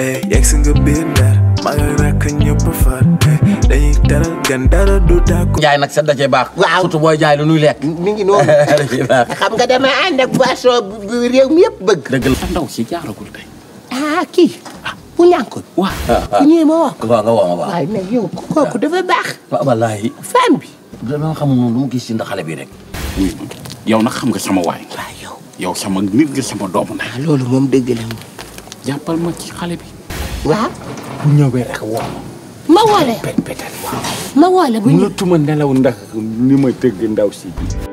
Eh, yegg si nga biir ndar magal far eh, dañuy teral gan du tàkku. jaay nag sa daje baax. waaw surtout booy jaay lu nuy lekk. mi ngi noonu xam nga dama ànd ak boisson bu réew mi yëpp bëgg. a la ndaw si jaaragul tey. ah kii. Ah. bu ñànk waaw. bu ah, ah. ñëwee ma woo ko. waaw ma waaw. waaye nag yow kooku dafa baax. waaw wallaahi. femme bi. dama xamul noonu mu gis si ndax xale bi rek. yow nag xam nga sama waay. waaw yow. yow sama nit nga sama doomu na. loolu moom dëgg la jàppal ma ci xale bi. wa bu ah. ñëwee rek woo ma. ma pet petal waaw. ma woo bu ñëw mënatuma nelaw ndax li ma tëgg ndaw bi